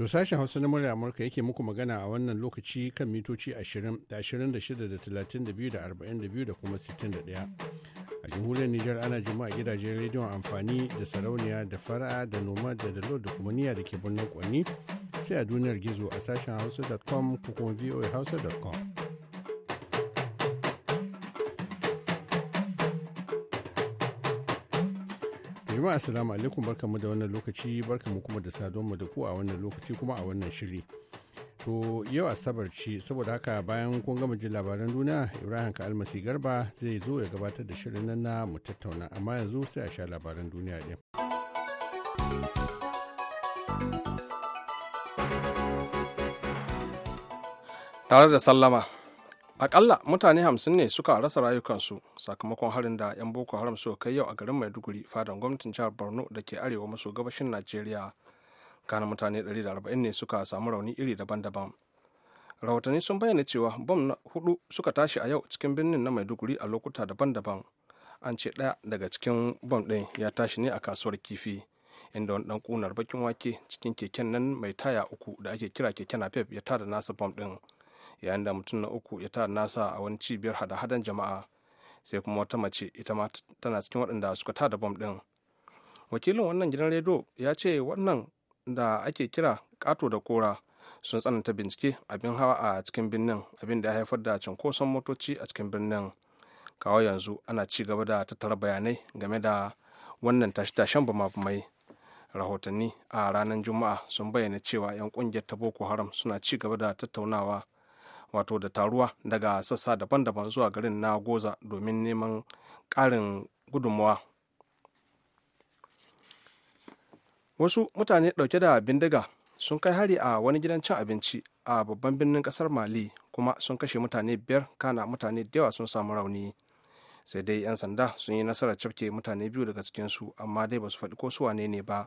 To sashen Hausa na murya Amurka yake muku magana a wannan lokaci kan mitoci 20 da 26 32 42 kuma 61. A jamhuriyar Nijar ana jima a gidajen rediyon amfani da sarauniya da fara da noma da dalo da kuma niyya da ke birnin kwanni sai a duniyar gizo a sashen hausa.com ko kuma voahausa.com. Jama'a assalamu alaikum mu da wannan lokaci mu kuma da mu da ku a wannan lokaci kuma a wannan shiri. To yau Asabar ce saboda haka bayan kun gama jin labaran duniya Ibrahim ka almasi garba zai zo ya gabatar da shirin nan na mu tattauna amma yanzu sai a sha labaran duniya din. Tare da sallama akalla mutane hamsin ne suka rasa rayukansu sakamakon harin da 'yan boko haram suka kai yau a garin maiduguri fadan gwamnatin jihar borno da ke arewa maso gabashin najeriya kana mutane 140 ne suka samu rauni iri daban-daban rahotanni sun bayyana cewa bom na hudu suka tashi a yau cikin birnin na maiduguri a lokuta daban-daban an ce ɗaya daga cikin bom ɗin ya tashi ne a kasuwar kifi inda wani dan kunar bakin wake cikin keken nan mai taya uku da ake kira keken napep ya tada nasa bom ɗin yayin da mutum na uku ya tara nasa a wani cibiyar hada-hadan jama'a sai kuma wata mace ita ma tana cikin waɗanda suka tada bom ɗin wakilin wannan gidan rediyo ya ce wannan da ake kira ƙato da kora sun tsananta bincike abin hawa a cikin birnin abin da ya haifar da cunkoson motoci a cikin birnin kawo yanzu ana ci gaba da tattara bayanai game da wannan tashe-tashen bama-bamai rahotanni a ranar juma'a sun bayyana cewa 'yan kungiyar ta boko haram suna ci gaba da tattaunawa wato da taruwa daga sassa daban-daban zuwa garin na goza domin neman ƙarin gudunmawa wasu mutane ɗauke da bindiga sun kai hari a wani gidan cin abinci a babban birnin ƙasar mali kuma sun kashe mutane biyar kana mutane da yawa sun samu rauni sai dai 'yan sanda sun yi nasarar cafke mutane biyu daga cikinsu amma dai ba su faɗi ko su wane ne ba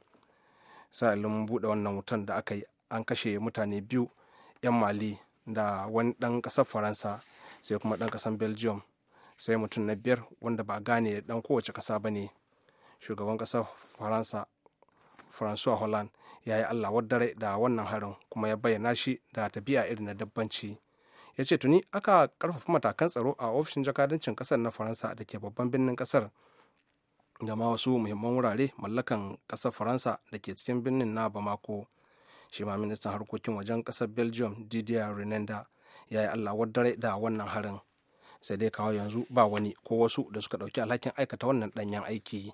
sa'ilin buɗe wannan wutan da aka yi an kashe mutane biyu 'yan mali da wani dan ƙasar faransa sai kuma dan ƙasar belgium sai mutum na biyar wanda ba gane da dan kowace kasa ba ne shugaban kasar faransa francois holland ya yi allah wadare da wannan harin kuma ya bayyana shi da tafiya irin na dabbanci ya ce tuni aka karfafa matakan tsaro a ofishin jakadancin kasar na faransa da ke babban birnin kasar da ma wasu muhimman wurare mallakan kasar faransa da ke cikin birnin na bamako shi ma ministan harkokin wajen ƙasar belgium didier renenda ya yi allah wadare da wannan harin sai dai kawo yanzu ba wani ko wasu da suka ɗauki alhakin aikata wannan ɗanyen aiki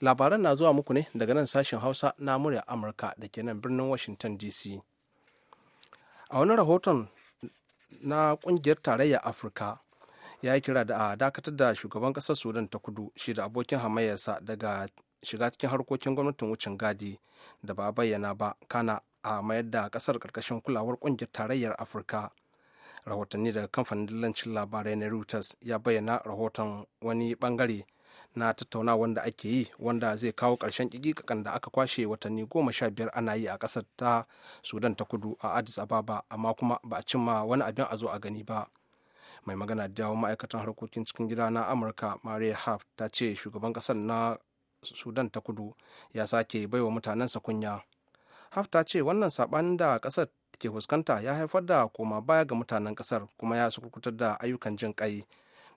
labaran na zuwa muku ne daga nan sashen hausa na murya amurka da ke nan birnin washington dc a wani rahoton na kungiyar tarayya afirka ya yi kira da a dakatar da shugaban kasar sudan ta kudu shi da abokin hamayyarsa daga shiga cikin harkokin gwamnatin wucin gadi da ba bayyana ba kana a mayar da kasar karkashin kulawar kungiyar tarayyar afirka rahotanni daga kamfanin dillancin labarai na reuters ya bayyana rahoton wani bangare na tattaunawa wanda ake yi wanda zai kawo ƙarshen ƙiƙiƙakan da aka kwashe watanni goma sha biyar ana yi a ƙasar ta sudan ta kudu a addis ababa amma kuma ba a cimma wani abin a zo a gani ba mai magana da yawon ma'aikatan harkokin cikin gida na amurka maria harp ta ce shugaban ƙasar na sudan ta kudu ya sake baiwa mutanen sa kunya hafta ce wannan sabanin da kasar ke fuskanta ya haifar da koma baya ga mutanen kasar kuma ya sukurkutar da ayyukan jin kai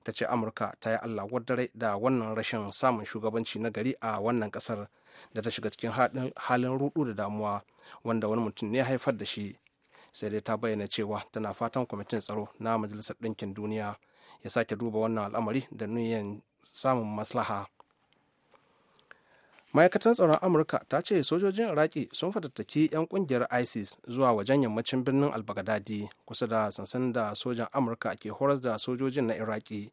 ta ce amurka ta yi allah dare da wannan rashin samun shugabanci na gari a wannan kasar da ta shiga cikin halin rudu da damuwa wanda wani mutum ne haifar da shi sai dai ta bayyana cewa tana fatan kwamitin tsaro na majalisar ɗinkin duniya ya sake duba wannan al'amari da niyan samun maslaha ma'aikatar tsaron amurka ta ce sojojin iraki sun fatattaki 'yan kungiyar isis zuwa wajen yammacin birnin albagadadi kusa da sansan da sojan amurka ke horas da sojojin na iraki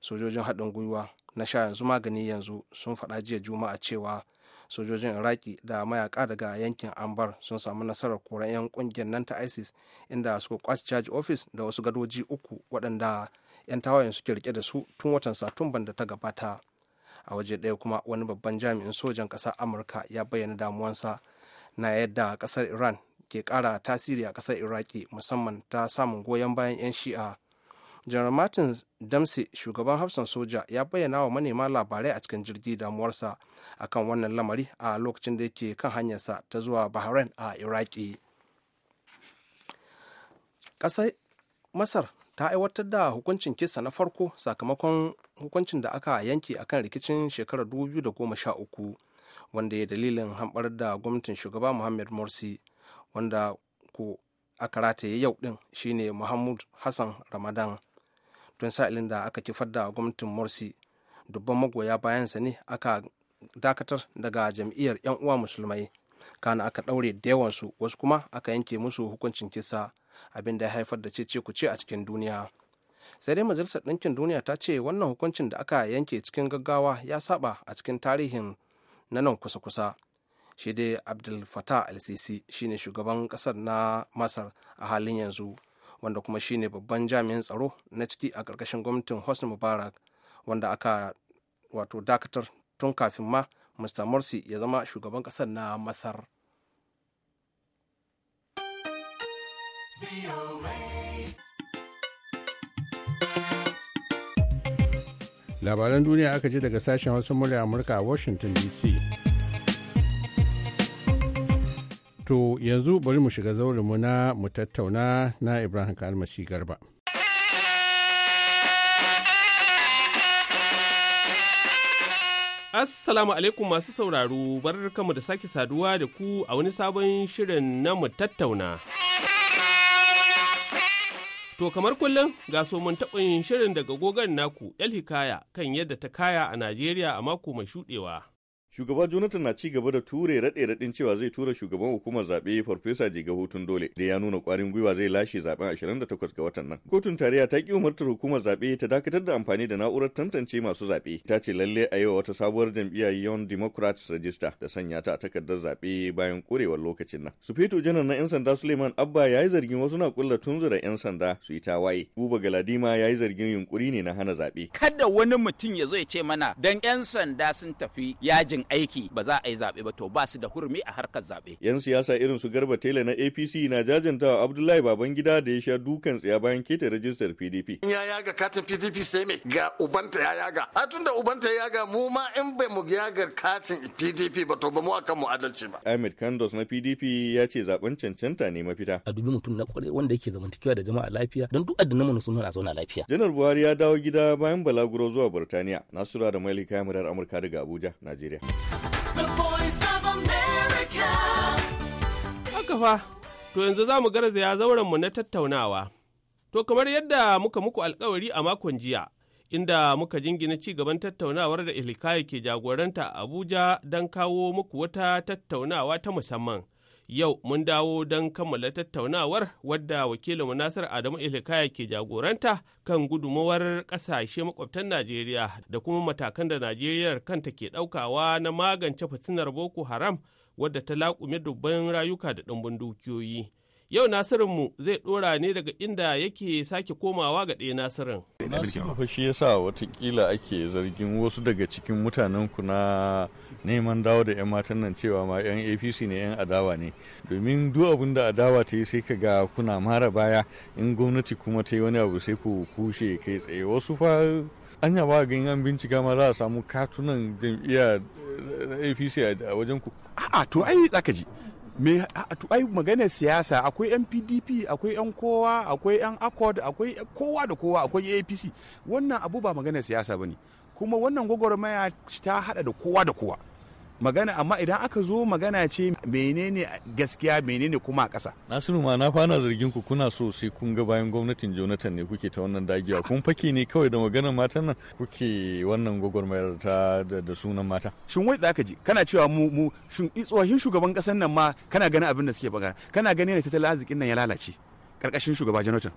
sojojin haɗin gwiwa na sha yanzu magani yanzu sun faɗa jiya juma'a cewa sojojin iraki da mayaka daga yankin ambar sun samu nasarar koran 'yan kungiyar nan ta isis inda suka kwace charge office da wasu gadoji uku waɗanda 'yan tawayen suke rike da su tun watan satumban da ta gabata a waje ɗaya kuma wani babban jami'in sojan ƙasar amurka ya bayyana damuwansa na yadda ƙasar iran ke ƙara tasiri a ƙasar iraki musamman ta samun goyon bayan 'yan shi'a general martin damse shugaban hafsan soja ya bayyana wa manema labarai a cikin jirgi damuwarsa akan wannan lamari a lokacin da yake kan hanyarsa ta zuwa bahrain a iraki ƙasar masar ta aiwatar da hukuncin kisa na farko sakamakon hukuncin da aka yanke akan rikicin shekarar 2013 wanda ya dalilin hambar da gwamnatin shugaba muhammad morsi wanda ko aka rataye yau din shine muhammad hassan ramadan tun sa'ilin da aka kifar da gwamnatin morsi dubban magoya bayansa ne aka dakatar daga jam'iyyar 'yan uwa musulmai kana aka ɗaure da yawansu wasu kuma aka yanke musu hukuncin kisa abin da ya haifar da cece ce a cikin duniya sai dai majalisar ɗinkin duniya ta ce wannan hukuncin da aka yanke cikin gaggawa ya saba a cikin tarihin na nan kusa-kusa shi dai abdul fatah al-sisi shine shugaban ƙasar na masar a halin yanzu wanda kuma shine babban jami'in tsaro na ciki a ƙarƙashin gwamnatin hosni mubarak wanda aka wato dakatar tun kafin ma mr morsi ya zama shugaban ƙasar na masar labaran duniya aka ji daga sashen wasu murya amurka a washington dc to yanzu bari mu shiga zaurinmu na mu tattauna na ibrahim kalmasi garba Assalamu alaikum masu sauraro, bar da sake saduwa da ku a wani sabon shirin na mu tattauna. To kamar kullum ga so mun yin shirin daga gogon naku El Hikaya kan yadda ta kaya a Najeriya a mako mai shuɗewa. shugaba jonathan na ci gaba da ture raɗe raɗin cewa zai tura shugaban hukumar zaɓe farfesa jiga hutun dole da ya nuna ƙwarin gwiwa zai lashe zaɓen 28 ga watan nan kotun tarayya ta ki umartar hukumar zaɓe ta dakatar da amfani da na'urar tantance masu zaɓe ta ce lalle a yau wata sabuwar jam'iyyar young democrats register da sanya ta a takardar zaɓe bayan ƙurewar lokacin nan su sufeto janar na 'yan sanda suleiman abba ya yi zargin wasu na ƙulla tunzura 'yan sanda su yi tawaye buba galadima ya yi zargin yunkuri ne na hana zaɓe kada wani mutum ya zo ya ce mana dan 'yan sanda sun tafi yajin aiki ba za a yi zaɓe ba to ba su da hurumi a harkar zaɓe. Yan siyasa irin su Garba Tela na APC na jajanta Abdullahi Babangida da ya sha dukan tsaya bayan keta rajistar PDP. in Ya yaga katin PDP sai me ga ubanta ya yaga. A tun da ubanta ya yaga mu ma in bai mu yaga katin PDP ba to ba mu akan mu adalci ba. Ahmed Kandos na PDP ya ce zaben cancanta ne mafita. A dubi mutum na kware wanda yake zamantakewa da jama'a lafiya don duk addinan mu sun a zauna lafiya. Janar Buhari ya dawo gida bayan balaguro zuwa Burtaniya. Nasura da Mailika murar Amurka daga Abuja, Najeriya. Haka fa, to yanzu za mu garzaya zaurenmu na tattaunawa. To kamar yadda muka muku alkawari a makon jiya, inda muka jingina ci gaban tattaunawar da Ilikaya ke jagoranta a Abuja don kawo muku wata tattaunawa ta musamman. Yau mun dawo don kammala tattaunawar wadda wakilin Nasir Adamu Ilikaya ke jagoranta kan gudumawar ƙasashe makwabtan Najeriya da kuma matakan da Najeriya kanta ke ɗaukawa na magance fitinar Boko Haram wadda ta laƙume dubban rayuka da ɗumbin dukiyoyi. Yau Nasirinmu zai ɗora ne daga inda yake sake komawa ga ɗaya Nasirin. Nasiru shi sa watakila ake zargin wasu daga cikin mutanen ku na neman dawo da 'yan matan nan cewa ma 'yan APC ne 'yan adawa ne. Domin du abin da adawa ta yi sai ka ga kuna mara baya in gwamnati kuma ta yi wani abu sai ku kushe kai tsaye wasu fa an yaba ga an bincika ma za a samu katunan jam'iyyar apc a wajen ku a'a to ai zaka ji me ai magana siyasa akwai yan akwai yan kowa akwai yan accord akwai kowa da kowa akwai apc wannan abu ba magana siyasa bane kuma wannan gwagwarmaya ta hada da kowa da kowa magana amma idan aka zo magana ce menene gaskiya menene kuma a ƙasa. Nasiru ma na fana zargin ku kuna so sai kun ga bayan gwamnatin Jonathan ne kuke ta wannan dagiya kun fake ne kawai da maganar matan nan kuke wannan gwagwarmayar ta da sunan mata. Shin wai da ji kana cewa mu mu shin tsohon shugaban ƙasar nan ma kana ganin abin da suke bagana kana ganin ne tattalin arzikin nan ya lalace karkashin shugaba Jonathan.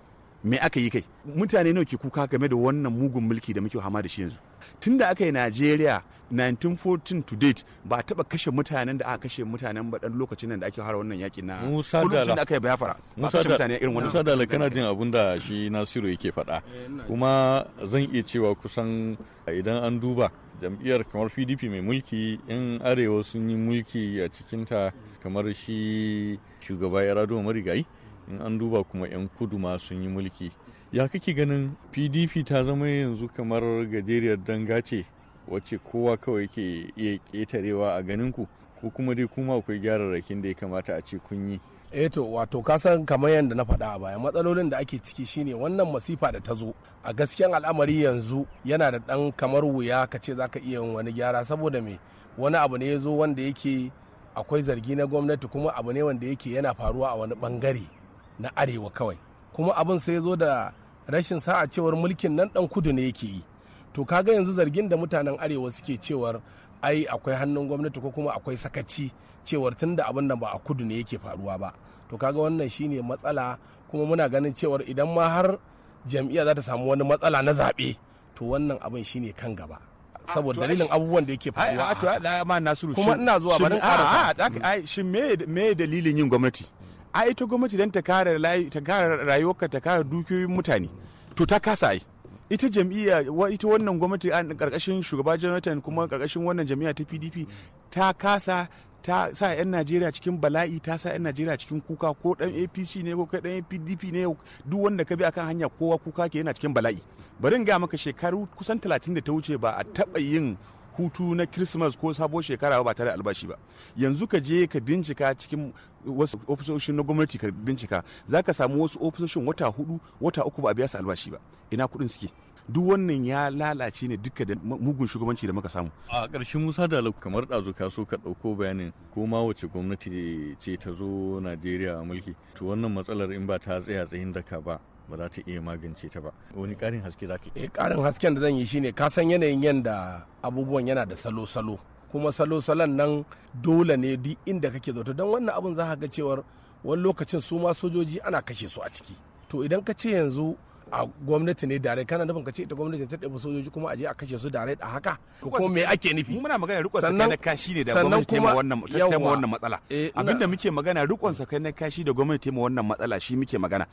me aka yi kai mutane nawa ke kuka game da wannan mugun mulki da muke hama da shi yanzu tunda aka yi najeriya 1914 to date ba a taba kashe mutanen da aka kashe mutanen ba dan lokacin nan da ake fara wannan yaƙi na Musa da aka yi bayafara Musa mutane irin wannan Musa la kana jin abin da shi Nasiru yake faɗa eh, kuma zan iya cewa kusan idan an duba jam'iyyar kamar PDP mai mulki in arewa sun yi mulki a cikinta kamar shi shugaba ya rado Marigayi in an duba kuma 'yan kudu ma sun yi mulki ya kake ganin pdp ta zama yanzu kamar gajeriyar danga ce wacce kowa kawai ke iya ketarewa a ganinku ko kuma dai kuma akwai gyararrakin da ya kamata a ce kun yi eh to wato kasan kamar yadda na faɗa a baya matsalolin da ake ciki shine wannan masifa da ta zo a gaskiyan al'amari yanzu yana da ɗan kamar wuya ka ce za ka iya yin wani gyara saboda me wani abu ne ya zo wanda yake akwai zargi na gwamnati kuma abu ne wanda yake yana faruwa a wani ɓangare. na arewa kawai kuma abin sai zo da rashin sa'a cewar mulkin nan dan kudu ne yake yi to kaga yanzu zargin da mutanen arewa suke cewar ai akwai hannun gwamnati ko kuma akwai sakaci cewar tun da abin nan ba a kudu ne yake faruwa ba to kaga wannan shine matsala kuma muna ganin cewar idan ma har jam'iyya za ta samu wani matsala na zaɓe to wannan abin shine kan gaba saboda dalilin abubuwan da yake faruwa kuma ina zuwa barin ƙarasa shin me dalilin yin gwamnati a ita gwamnati don ta kare rayuwarka ta kare dukiyoyin mutane to ta kasa yi ita jam'iyya ita wannan gwamnati a karkashin shugaba jonathan kuma karkashin wannan jam'iyya ta pdp ta kasa ta sa 'yan najeriya cikin bala'i ta sa 'yan najeriya cikin kuka ko dan apc ne ko dan pdp ne duk wanda ka bi akan hanya kowa kuka ke yana cikin bala'i bari in gaya maka shekaru kusan talatin da ta wuce ba a taba yin hutu na Christmas ko sabo shekara ba tare da albashi ba yanzu ka je ka bincika cikin wasu ofisoshin na gwamnati ka bincika za ka samu wasu ofisoshin wata hudu wata uku ba a biya su albashi ba ina kuɗin suke duk wannan ya lalace ne duka da mugun shugabanci da muka samu a ƙarshen musa da kamar ɗazu ka so ka ɗauko bayanin ko ma wace gwamnati ce ta zo najeriya a mulki to wannan matsalar in ba ta tsaya tsayin daka ba ba za ta iya magance ta ba wani ƙarin haske za ka iya eh, ƙarin hasken da zan yi shine ka san yanayin yanda abubuwan yana da salo-salo kuma salo-salon nan dole ne duk inda kake zato don wannan abun za ka ga cewar wani lokacin su ma sojoji ana kashe su a ciki to idan ka ce yanzu a gwamnati ne dare kana nufin ka ce ita gwamnati ta ɗabi sojoji kuma a je a kashe su dare a haka ko me ake nufi muna magana rikon sakai na kashi ne da gwamnati ta wannan ta wannan matsala eh, abinda muke magana rikon sakai na kashi da gwamnati ta wannan matsala shi muke magana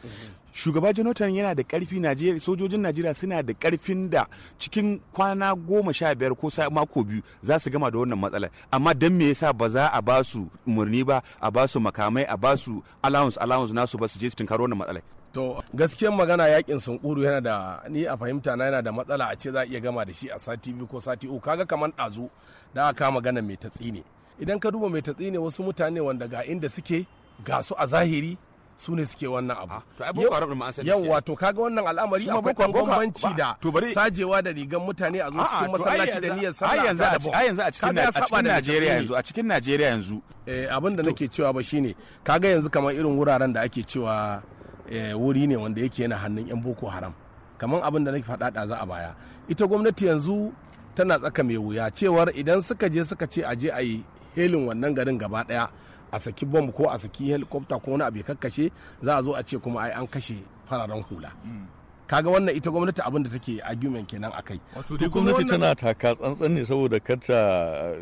shugaba Jonathan yana da karfi Najeriya sojojin Najeriya suna da karfin da cikin kwana goma sha biyar ko mako biyu za su gama da wannan matsala amma dan me yasa ba za a ba su murni ba a ba su makamai a ba su allowance allowance nasu ba su je su tunkaro wannan matsala To gaskiyar magana yakin sunkuru yana da ni a fahimta na yana da matsala a ce za a iya gama da shi a sati biyu ko sati uku kaga kamar dazu da aka magana mai tatsi ne idan ka duba mai tatsi ne wasu mutane wanda ga inda suke ga su a zahiri su ne suke wannan abu. Ah, to ai boko haram ma Yawwa to kaga wannan al'amari boko bambanci da ah, sajewa da rigan mutane a zo ah, cikin masallaci da niyyar sallah. Ai yanzu a cikin a cikin Najeriya yanzu a cikin Najeriya yanzu. Eh abin da nake cewa ba shine kaga yanzu kamar irin wuraren da ake cewa Eh, wuri ne wanda yake yana hannun 'yan boko haram kamar abin da nake faɗa za a baya ita gwamnati yanzu tana tsaka mai wuya cewar idan suka je suka ce a je a yi helin wannan garin gaba ɗaya a saki bom ko a saki helikwafta ko wani abu ya kakkashe za a zo a ce kuma ai an kashe fararen hula mm. kaga wannan ita gwamnati abin da take argument kenan akai wato dai gwamnati tana taka tsantsan ne saboda kar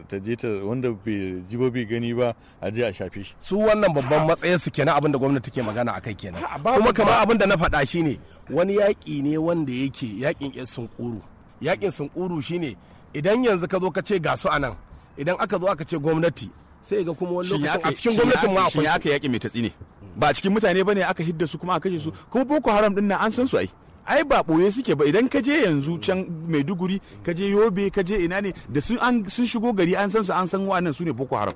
ta je ta wanda bai ji ba bai gani ba a je a shafe shi su wannan babban matsayin su kenan abin da gwamnati take magana akai kenan kuma kamar abin da na faɗa shine wani yaƙi ne wanda yake yaƙin sunkuru yaƙin sunkuru shine idan yanzu ka zo ka ce ga su anan idan aka zo aka ce gwamnati sai ga kuma wani lokacin a cikin gwamnatin ma akwai shi ya aka yaƙi mai tatsi ne ba cikin mutane bane aka hidda su kuma aka kashe su kuma boko haram din nan an san su ai ai ba ɓoye suke ba idan ka je yanzu mm. can maiduguri ka je yobe ka je ina ne da sun shigo gari an san su an san wannan su ne boko haram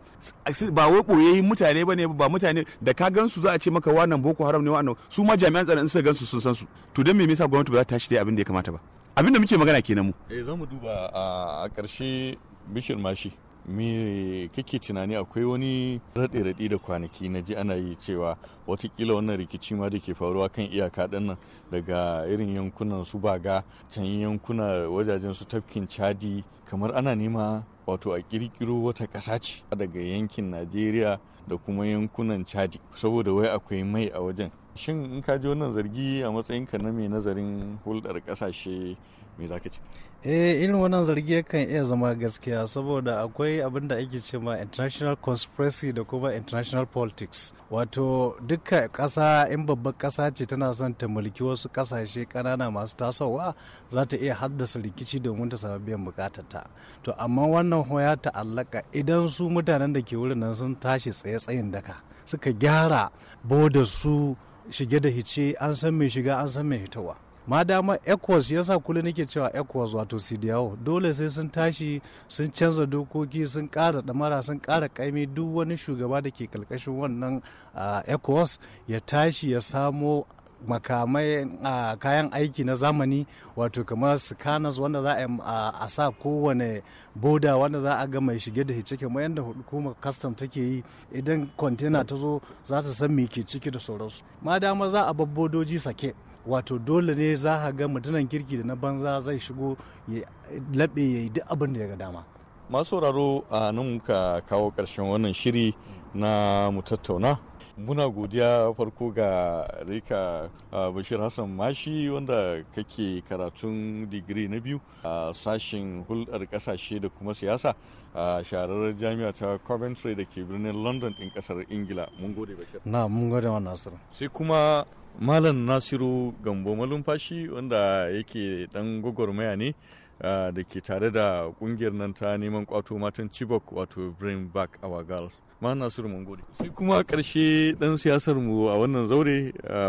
ba wai ɓoye mutane ba ne ba mutane da ka gansu za a ce maka wannan boko haram ne wannan su ma jami'an tsaron suka gansu sun san su to don me yasa gwamnati ba za ta tashi abin da ya kamata ba abin da muke magana kenan mu eh za mu duba a ƙarshe bishin mashi me kake tunani akwai wani raɗe-raɗe da kwanaki na ji ana yi cewa watakila wannan rikici ma da ke faruwa kan iyaka ɗan nan daga irin yankunan su baga can yankuna wajajen su tafkin chadi kamar ana nema wato a ƙirƙiro wata ƙasa ce daga yankin najeriya da kuma yankunan chadi saboda wai akwai mai a wajen shin in ka ji wannan zargi a matsayinka na mai nazarin hulɗar ƙasashe me za ka ce eh irin wannan zargi kan iya zama gaskiya saboda akwai abin da ake ce ma international conspiracy da kuma international politics wato duka kasa in babban ƙasa ce tana son ta mulki wasu kasashe ƙanana masu tasowa za ta iya haddasa rikici domin ta samu biyan bukatarta to amma wannan hoya ta allaka idan su mutanen da ke wurin nan sun tashi tsaye tsayin daka suka gyara bodar su shige da hice an san mai shiga an san mai hitowa ma dama ya yasa kullum nake cewa ecos wato cdo dole sai sun tashi sun canza dokoki sun kara damara sun kara kaimi duk wani shugaba da ke karkashin wannan ecos ya tashi ya samo makamai a kayan aiki na zamani wato kamar scanners wanda za a sa kowane boda wanda za a ga mai shige da hice kuma yadda hukumar custom take yi idan container ta zo za ta san me ke ciki da sauransu ma dama za a bar bodoji sake wato dole ne za a ga mutunan kirki da na banza zai shigo ya laɓe ya yi duk abin da ya ga dama masu sauraro a nan muka kawo ƙarshen wannan shiri na mu tattauna muna godiya farko ga rika bashir hassan mashi wanda kake karatun digiri na biyu a sashen hulɗar ƙasashe da kuma siyasa a shahararren jami'a ta Coventry da ke birnin London ɗin ƙasar Ingila. Mun gode Bashir. Na mun gode wa Nasiru. Sai kuma Malam Nasiru Gambo Malumfashi wanda yake ɗan gwagwarmaya ne da ke tare da ƙungiyar nan ta neman kwato matan Chibok wato Brain Back Our Girls. ma nasiru mun gode sai kuma karshe dan siyasar mu a wannan zaure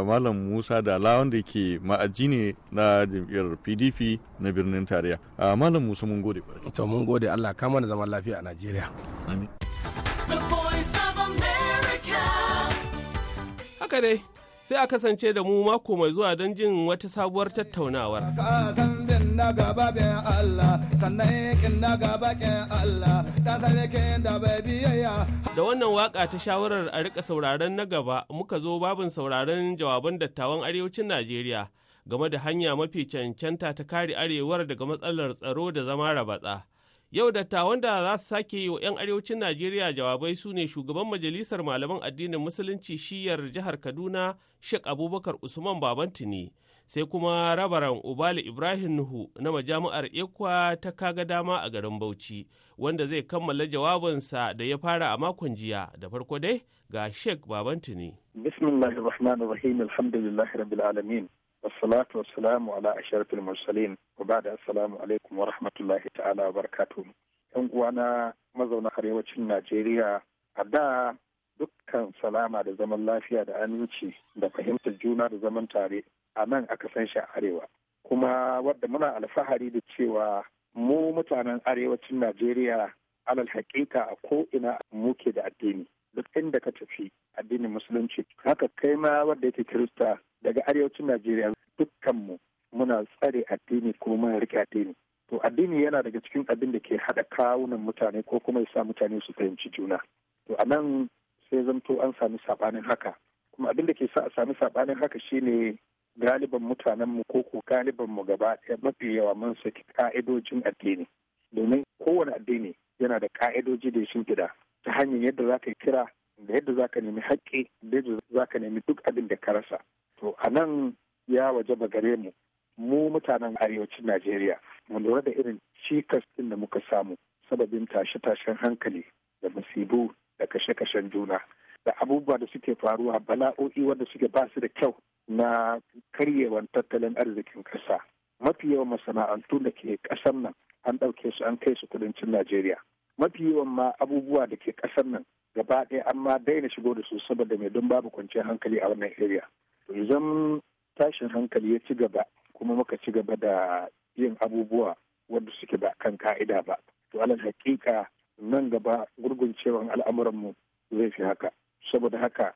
malam musa da ala wanda ke ma'aji ne na jam'iyyar pdp na birnin tarayya malam musa mun gode to mun gode allah kama da zaman lafiya a najeriya haka dai sai a kasance da mu mako mai zuwa don jin wata sabuwar tattaunawar. kinna gaba bin Allah sannan kinna gaba Allah ta sarkin da bai biyayya da wannan waka ta shawarar a rika sauraron na gaba muka zo babin sauraron jawaban dattawan arewacin Najeriya game da hanya mafi cancanta ta kare arewar daga matsalar tsaro da zama rabatsa. Yau dattawan da za su sake yi wa 'yan arewacin Najeriya jawabai su ne shugaban majalisar malaman addinin musulunci shiyar jihar Kaduna Sheikh Abubakar Usman Babantini sai kuma rabaran ubali ibrahim nuhu na majami'ar ikwa ta kaga dama a garin bauchi wanda zai kammala jawabinsa da ya fara a makon jiya da farko dai ga sheik baban tuni bismillahi rahmanir rahim rabbil alamin ala asharfil mursalin wa da assalamu alaikum wa rahmatullahi ta'ala wa barkatu. yan uwana mazauna arewacin najeriya a da dukkan salama da zaman lafiya da aminci da fahimtar juna da zaman tare a nan aka san shi a arewa kuma wadda muna alfahari da cewa mu mutanen arewacin najeriya alal hakika a ko ina muke da addini duk inda ka tafi addinin musulunci haka kai ma wadda yake kirista daga arewacin najeriya dukkanmu muna tsare addini kuma muna rike addini to addini yana daga cikin abin da ke haɗa kawunan mutane ko kuma ya sa mutane su fahimci juna to a nan sai zanto an sami saɓanin haka kuma abin da ke sa a sami saɓanin haka shine galiban mutanenmu ko ko galibanmu gaba ɗaya mafi yawa mun saki ka'idojin addini domin kowane addini yana da ka'idoji da shi gida. ta hanyar yadda za ka kira da yadda za ka nemi haƙƙi da yadda za ka nemi duk abin da ka rasa to a nan ya waje ba gare mu mu mutanen arewacin najeriya mu lura da irin cikas ɗin da muka samu sababin tashe-tashen hankali da musibu da kashe-kashen juna da abubuwa da suke faruwa bala'o'i wanda suke basu da kyau na karyewan tattalin arzikin ƙasa mafi yawan masana'antu da ke ƙasar nan an ɗauke su an kai su kudancin najeriya mafi yawan ma abubuwa da ke ƙasar nan gaba ɗaya an ma daina shigo da su saboda mai don babu kwanciyar hankali a wannan area to idan tashin hankali ya ci gaba kuma muka ci gaba da yin abubuwa wanda suke ba kan ka'ida ba to alal hakika nan gaba gurguncewan al'amuranmu zai fi haka saboda haka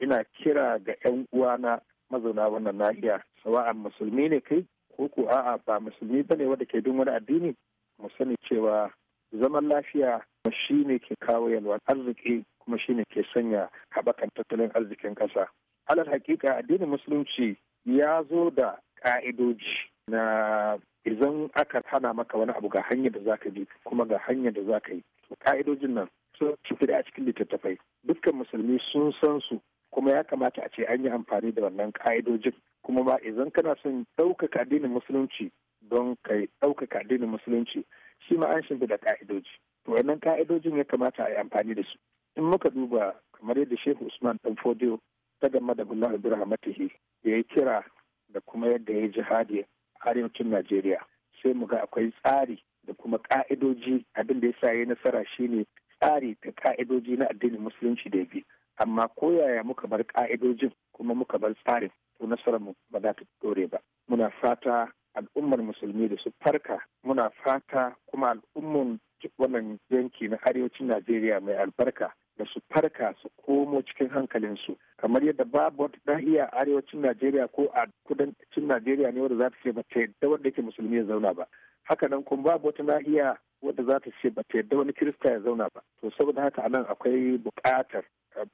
ina kira ga 'yan uwana mazauna wannan nahiya sawa'an musulmi ne kai ko ko a'a ba musulmi bane wanda ke bin wani addini mu sani cewa zaman lafiya shi ne ke kawo yalwar arziki kuma shi ne ke sanya haɓakan tattalin arzikin ƙasa alal hakika addinin musulunci ya zo da ƙa'idoji na idan aka hana maka wani abu ga hanyar da zaka bi kuma ga hanyar da zaka yi ka'idojin nan sun fi a cikin littattafai dukkan musulmi sun san su kuma ya kamata a ce an yi amfani da wannan ka'idojin kuma ba idan kana son ɗaukaka addinin musulunci don kai ɗaukaka addinin musulunci shi ma an shimfiɗa ka'idoji to wannan ka'idojin ya kamata a yi amfani da su in muka duba kamar yadda shehu usman dan fodiyo ta gama da bullah rahmatihi ya kira da kuma yadda ya yi jihadi a arewacin najeriya sai mu ga akwai tsari da kuma ka'idoji abin da ya sa ya nasara shine tsari da ka'idoji na addinin musulunci da ya bi amma ko yaya muka bar ka'idojin kuma muka bar tsarin to nasarar mu ba za ta dore ba muna fata al'ummar musulmi da su farka muna fata kuma al'ummar wannan yanki na arewacin najeriya mai albarka da su farka su komo cikin hankalinsu kamar yadda babu wata nahiya a arewacin najeriya ko a kudancin najeriya ne wadda za ta ce ba ta yadda wanda yake musulmi ya zauna ba haka nan kuma babu wata nahiya wadda za ta ce ba ta yadda wani kirista ya zauna ba to saboda haka anan akwai buƙatar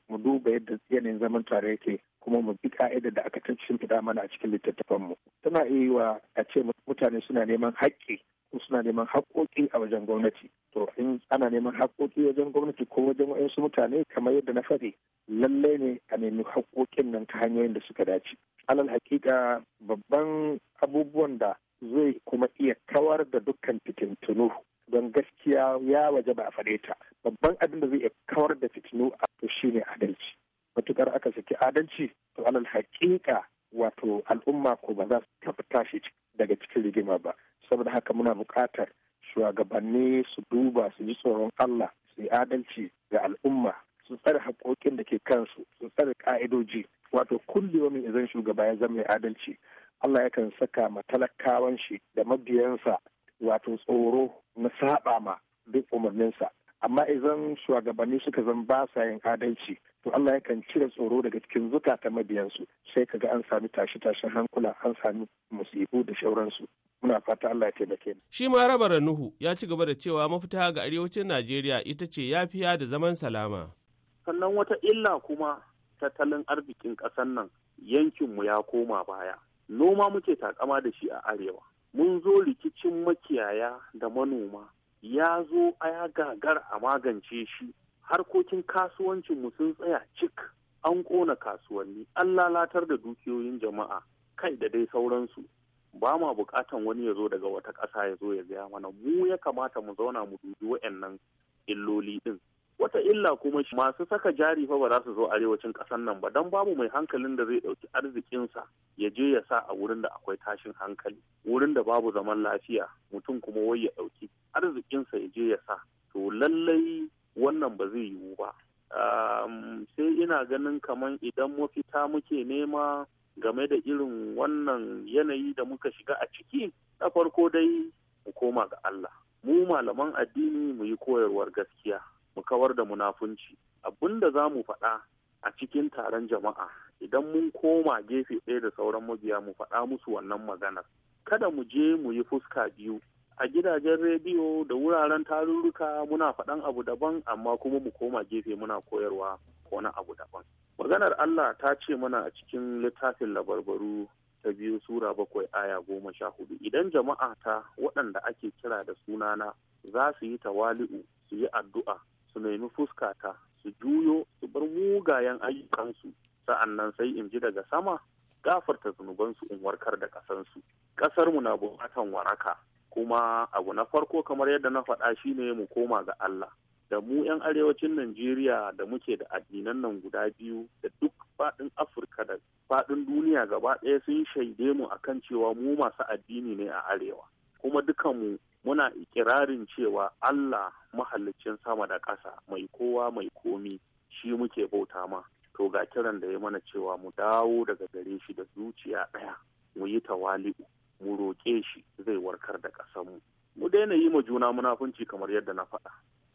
mu duba yadda yanayin zaman tare yake kuma mu bi ka'idar da aka shimfiɗa mana a cikin littattafanmu tana iya wa a ce mutane suna neman haƙƙi ko suna neman haƙƙoƙi a wajen gwamnati to in ana neman haƙƙoƙi wajen gwamnati ko wajen wa'insu mutane kamar yadda na faɗi lallai ne a nemi haƙƙoƙin nan ta hanyoyin da suka dace alal haƙiƙa babban abubuwan da zai kuma iya kawar da dukkan fitintunu don gaskiya ya waje ba a faɗe ta babban abin da zai iya kawar da fitinu a to shine adalci matukar aka saki adalci to alal haƙiƙa wato al'umma ko ba za su taɓa tashi daga cikin rigima ba saboda haka muna buƙatar shugabanni su duba su ji tsoron Allah su yi adalci ga al'umma su tsare haƙoƙin da ke kansu su tsare ƙa'idoji wato kulle wani izan shugaba ya zama adalci Allah yakan saka ma talakawan shi da mabiyansa wato tsoro na saba ma duk umarninsa amma idan shugabanni suka zan ba sa yin adalci to Allah yakan cire tsoro daga cikin zukata mabiyansu sai kaga an sami tashi tashin hankula an sami musibu da shauransu muna fata Allah ya taimake mu shi ma rabar Nuhu ya ci gaba da cewa mafita ga arewacin Najeriya ita ce yafiya da zaman salama sannan wata illa kuma tattalin arzikin ƙasar nan yankinmu ya koma baya noma muke takama da shi a arewa mun zo rikicin makiyaya da manoma ya zo a ya gagar a magance shi harkokin kasuwancinmu sun tsaya cik an ƙona kasuwanni an lalatar da dukiyoyin jama'a kai da dai sauransu ba ma bukatan wani ya zo daga wata ƙasa ya zo ya gaya mana mu ya kamata mu zauna mu dubi wa'annan illoli ɗin wata illa kuma masu saka jari fa ba za su zo arewacin ƙasar nan ba don babu mai hankalin da zai ɗauki arzikinsa ya je ya sa a wurin da akwai tashin hankali wurin da babu zaman lafiya mutum kuma wai ya ɗauki arzikinsa ya je ya sa to lallai wannan ba zai yiwu ba sai ina ganin kamar idan mafita muke nema game da irin wannan yanayi da muka shiga a ciki na farko dai mu koma ga Allah mu malaman addini mu yi koyarwar gaskiya mu kawar da munafunci abinda za mu faɗa a cikin taron jama'a idan mun koma gefe ɗaya da sauran mabiya mu faɗa musu wannan maganar kada mu je mu yi fuska biyu a gidajen rediyo da wuraren tarurruka muna faɗan abu daban amma kuma mu koma gefe muna koyarwa wani abu daban maganar allah ta ce mana a cikin littafin labarbaru ta biyu sura bakwai aya goma sha hudu idan jama'a ta waɗanda ake kira da sunana za su yi tawali'u su yi addu'a su nemi fuskata su juyo su bar mugayen ayyukansu sa'annan sai in ji daga sama gafarta zunubansu in warkar da ƙasansu ƙasarmu na buƙatan waraka kuma abu na farko kamar yadda na faɗa shine mu koma ga Allah da mu 'yan arewacin Najeriya da muke da addinan nan guda biyu da duk faɗin Afirka da faɗin duniya gaba ɗaya sun shaide mu akan cewa mu masu addini ne a arewa kuma dukanmu muna ikirarin cewa Allah mahallicin sama da ƙasa mai kowa mai komi shi muke bauta ma to ga kiran da ya mana cewa mu dawo daga gare shi da zuciya ɗaya mu yi tawali'u mu roƙe shi zai warkar da ƙasarmu mu daina yi ma juna munafunci kamar yadda na faɗa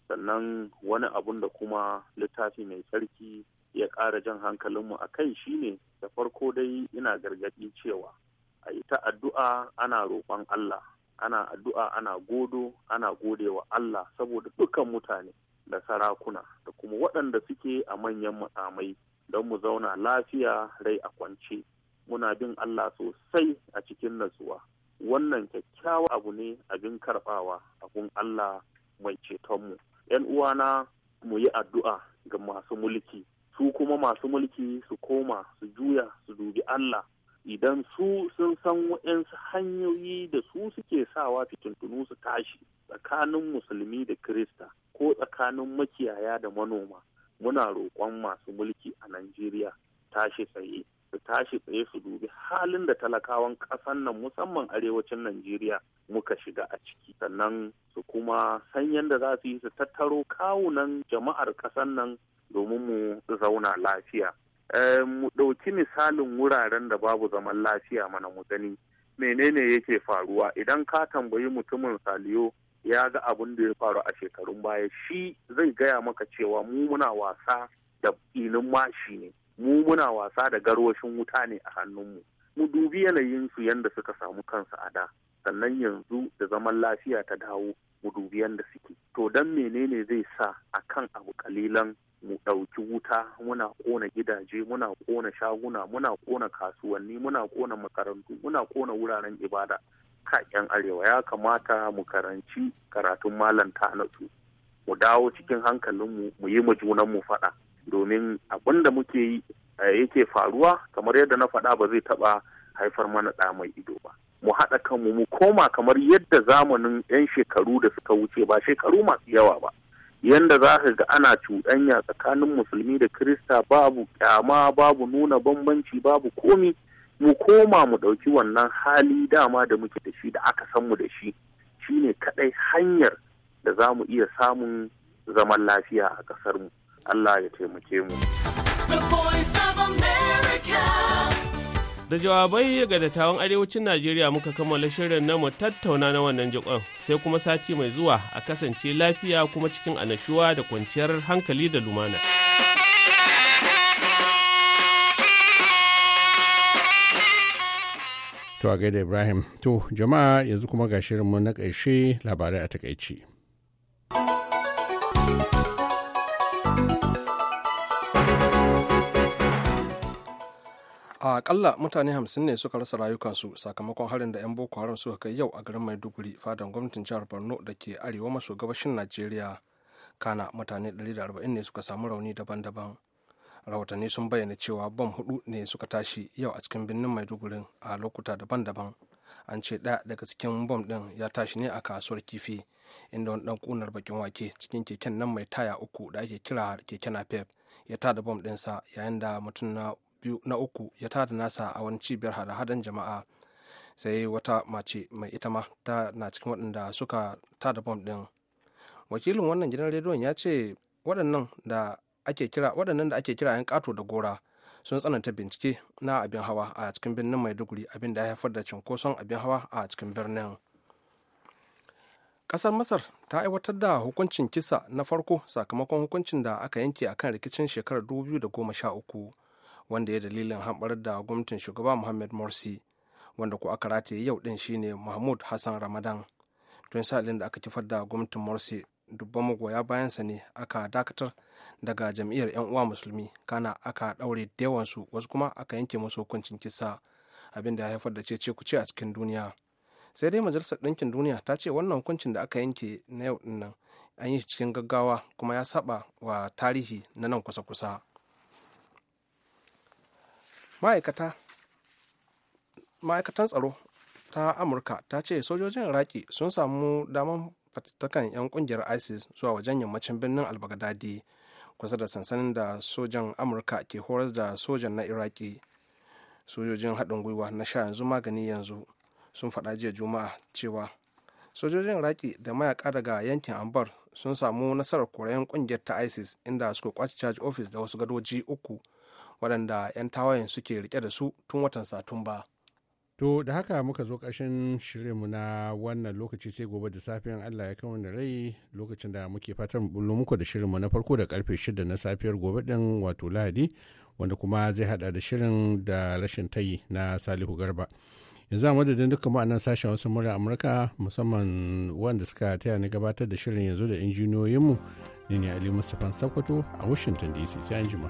sannan wani abun da kuma littafi mai tsarki ya ƙara jan hankalinmu a kai ne, da farko dai ina gargaɗi cewa a yi ta addu'a ana roƙon Allah ana addu'a ana godo ana gode wa Allah saboda dukkan mutane da sarakuna da kuma waɗanda suke a manyan matsamai don mu zauna lafiya rai a kwance muna bin Allah sosai a cikin natsuwa wannan kyakkyawa abu ne abin karɓawa abun Allah mai cetonmu ‘yan uwana mu yi addu'a ga masu mulki su kuma masu mulki su koma su juya su dubi Allah idan su sun san waɗansu hanyoyi da su suke sawa fitintunu su tashi tsakanin musulmi da kirista ko tsakanin makiyaya da manoma muna roƙon masu mulki a najeriya tashi tsaye su tashi tsaye su dubi halin da talakawan ƙasan nan musamman arewacin najeriya muka shiga a ciki sannan su kuma san yadda za su yi su tattaro kawunan jama'ar ƙasan nan domin mu zauna lafiya Eh, mu ɗauki misalin wuraren da babu zaman lafiya mana mu gani menene yake faruwa idan ka tambayi mutumin saliyo ya ga abin da ya faru a shekarun baya shi zai gaya maka cewa mu muna wasa da ilin mashi ne mu muna wasa da garwashin wuta ne a hannunmu mu dubi yanayinsu yadda suka samu kansu a da sannan yanzu da zaman lafiya ta dawo mu dubi yadda suke to don menene zai sa akan abu kalilan mu ɗauki wuta muna ƙona gidaje muna ƙona shaguna muna ƙona kasuwanni muna ƙona makarantu muna ƙona wuraren ibada ka yan arewa ya kamata mu karanci karatun malam ta natsu mu dawo cikin hankalinmu mu yi mu junanmu faɗa domin abin da muke yi eh, yake faruwa kamar yadda na faɗa ba zai taɓa haifar mana ɗa mai ido ba mu haɗa kanmu mu koma kamar yadda zamanin 'yan shekaru da suka wuce ba shekaru masu yawa ba yanda za ka ga ana cuɗanya tsakanin musulmi da kirista babu kyama babu nuna bambanci babu komi mu koma mu ɗauki wannan hali dama da muke da shi da aka san mu da shi shine kaɗai hanyar da za mu iya samun zaman lafiya a ƙasarmu Allah ya taimake mu. Da jawabai ga dattawan arewacin Najeriya muka kammala shirin na mu tattauna na wannan jikon sai kuma sati mai zuwa a kasance lafiya kuma cikin anashuwa da kwanciyar hankali da lumana. To a gaida Ibrahim, to jama'a yanzu kuma ga shirinmu na ƙarshe labarai a takaici. a akalla mutane hamsin ne suka rasa rayukansu sakamakon harin da 'yan boko haram suka kai yau a garin maiduguri fadan gwamnatin jihar borno da ke arewa maso gabashin najeriya kana mutane 140 ne suka samu rauni daban-daban rahotanni sun bayyana cewa bom hudu ne suka tashi yau a cikin birnin maiduguri a lokuta daban-daban an ce ɗaya daga cikin bom ɗin ya tashi ne a kasuwar kifi inda wani ɗan ƙunar bakin wake cikin keken nan mai taya uku da ake kira keke napep ya tada bom ɗinsa yayin da mutum na biyu na uku ya tada nasa a wani cibiyar hada-hadan jama'a sai wata mace mai ita ma ta na cikin waɗanda suka tada bom ɗin wakilin wannan gidan rediyon ya ce waɗannan da ake kira waɗannan da ake kira yan ƙato da gora sun tsananta bincike na abin hawa a cikin birnin maiduguri abin da ya haifar da cinkoson abin hawa a cikin birnin ƙasar masar ta aiwatar da hukuncin kisa na farko sakamakon hukuncin da aka yanke akan rikicin shekarar 2013 wanda ya dalilin hamɓar da gwamnatin shugaba muhammad morsi wanda ko aka rataye yau din shine mahmud hassan ramadan tun sa'ilin da aka kifar da gwamnatin morsi dubban magoya bayansa ne aka dakatar daga jam'iyyar 'yan uwa musulmi kana aka ɗaure da yawansu wasu kuma aka yanke musu hukuncin kisa abin da ya haifar da cece kuce a cikin duniya sai dai majalisar ɗinkin duniya ta ce wannan hukuncin da aka yanke na yau dinnan an yi cikin gaggawa kuma ya saba wa tarihi na nan kusa-kusa ma'aikatan tsaro ta amurka ta ce sojojin iraki sun samu daman fatattakan 'yan kungiyar isis zuwa wajen yammacin birnin albagadadi kusa da sansanin da sojan amurka ke horar da sojan na iraki sojojin haɗin gwiwa na sha yanzu magani yanzu sun faɗa jiya juma'a cewa sojojin iraki da mayaka daga yankin ambar sun samu nasarar korayen kungiyar ta isis inda suka kwace charge office da wasu gadoji uku waɗanda 'yan tawayen suke rike da su tun watan satumba to da haka muka zo ƙarshen shirinmu na wannan lokaci sai gobe da safiyan allah ya kawo da rai lokacin da muke fatan bullo muku da shirinmu na farko da karfe shida na safiyar gobe din wato lahadi wanda kuma zai hada da shirin da rashin tayi na salihu garba yanzu a madadin dukkan ma'anan sashen wasu murya amurka musamman wanda suka taya ni gabatar da shirin yanzu da injiniyoyinmu ne ne ali mustapha sakwato a washington dc sai an jima.